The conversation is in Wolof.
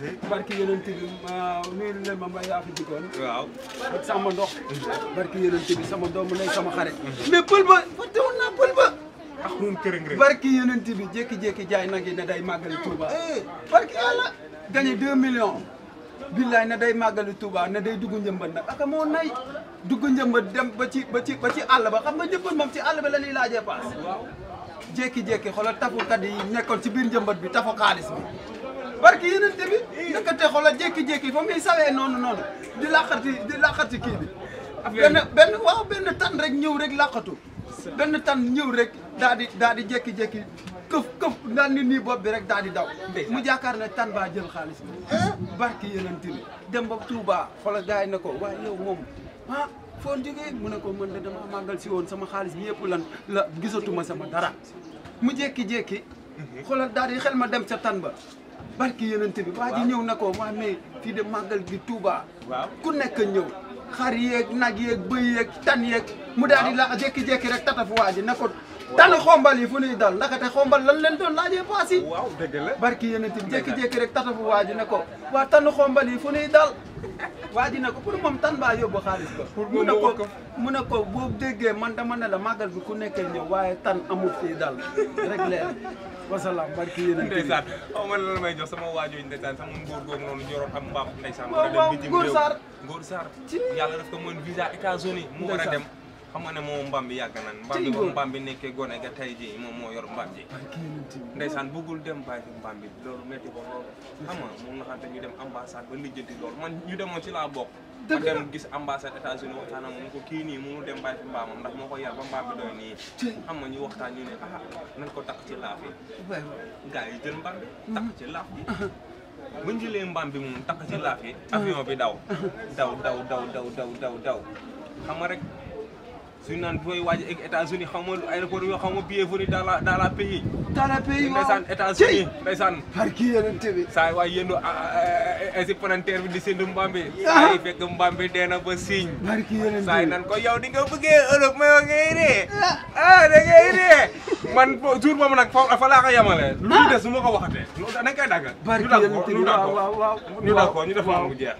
barki yeneen bi ma nuyu leen ma mbay yaa fi jikkoon. waaw ak sama ndox. barki yeneen bi sama doomu lay sama xarit. Mhm. mais pël ba fàtte woon naa pël ba. ak moom kërëng jékki-jékki jaay nag yi day màggali Touba. Eh, eh. barki yàlla gagné 2 millions. billaay na day màggali tuubaa na day dugg njëmbat nag aka moo nay dugg njëmbat dem ba ci ba ci ba àll ba xam nga njëmbat moom ci àll ba la ñuy laajee paas. waaw jékki-jékki xoolal tafukat yi nekkoon ci biir njëmbat bi tafu xaalis bi. barke yeneen te bi nekkate xoolal jékki-jékki fa muy sawee noonu noonu di laqati di laqati kii bi. benn benn waaw benn tan rek ñëw rek laqatu. benn tànn ñëw rek daa di daa di jékki-jékki këf këf naan nii bopp bi rek daa di daw. mu jaakaar na tan baa jël xaalis bi. barke yeneen te dem ba Touba xoolal gars yi ko waaye yow moom ah. foo jógee mu ne ko mën de dama màggal si woon sama xaalis bi yëpp lan la gisatuma sama dara mu jékki-jékki mhm. xoolal daal di xel ma dem ca tan ba barki yenente bi waa ji ñëw na ko waa mais fii de màggal gi tuuba waaw ku nekk ñëw xar yeeg nag yeeg bëy yeeg tan yeeg mu daal di la jékki-jékki rek tatafu waa ji na ko tan xombal yi fu ñuy dal ndaxte xombal lan leen doon laajee paas yi waaw dëgg la barki yenente bi jékki-jékki rek tatafu waa ji ne ko waa tan xombal yi fu ñuy dal waa ji ne ko pour moom tan baa yóbbu xaalis ba. pour mu ne ko mu ne ko boo déggee man dama ne la màggal bi ku nekkee ñëw waaye tan amul fii daal rek leer wasalaam barki yéen a. ndeysaan xaw ma la may jox sama waajooju ndeysaan sama ngóor googu noonu yoroon am mbaam ndeysaan. waaw waaw Ngóor Sarr mu war a dem bitim réew. Ngóor Sarr yàlla daf ko mën visa mu war a dem. xam nga ne moom mbaam bi yàgg nan mbaam bi moom mbaam bi nekkee gone ga tey jii moom moo yor mbaam ji ndeysaan bëggul dem bàyyi fi mbaam bi loolu metti ko loolu xam nga moom nga xam te ñu dem ambassade ba lijjanti loolu man ñu demoon ci laa bokk ma dem gis ambassade États-Unis waxtaan ak moom ko kii nii mënu dem bàyyi fi mbaamam ndax moo ko yar ba mbaam bi doy nii xam nga ñu waxtaan ñu ne ah nañ ko tax ci laaf yi gars yi jël mbaam bi mhm. tax ci laaf bi bu ñu jëlee mbaam bi moom tax ci laaf yi avion bi daw daw daw daw daw daw daw daw xam nga rek suñu naan booy waaj ak États-Unis xaw ma aéroport bi xaw ma billet venu dans la dans la pays. dans la pays waaw ndeysaan États-Unis ndeysaan. par kii yeneen tëbi. saa waay yéen indépendance bi di séntu Mbambe. ay ah. fekk Mbambe dee na ba Signe. par kii yeneen tëbi saa nan ko yow di nga bëggee Europe mayoo ngay dee. Ah. ah da ngay dee. man jour boobu nag fa laa ko yemale. lu ah. des su ma ko waxatee. da nga koy daggal. par kii yeneen tëbi waaw waaw ñu def ko ñu def ko mu jeex.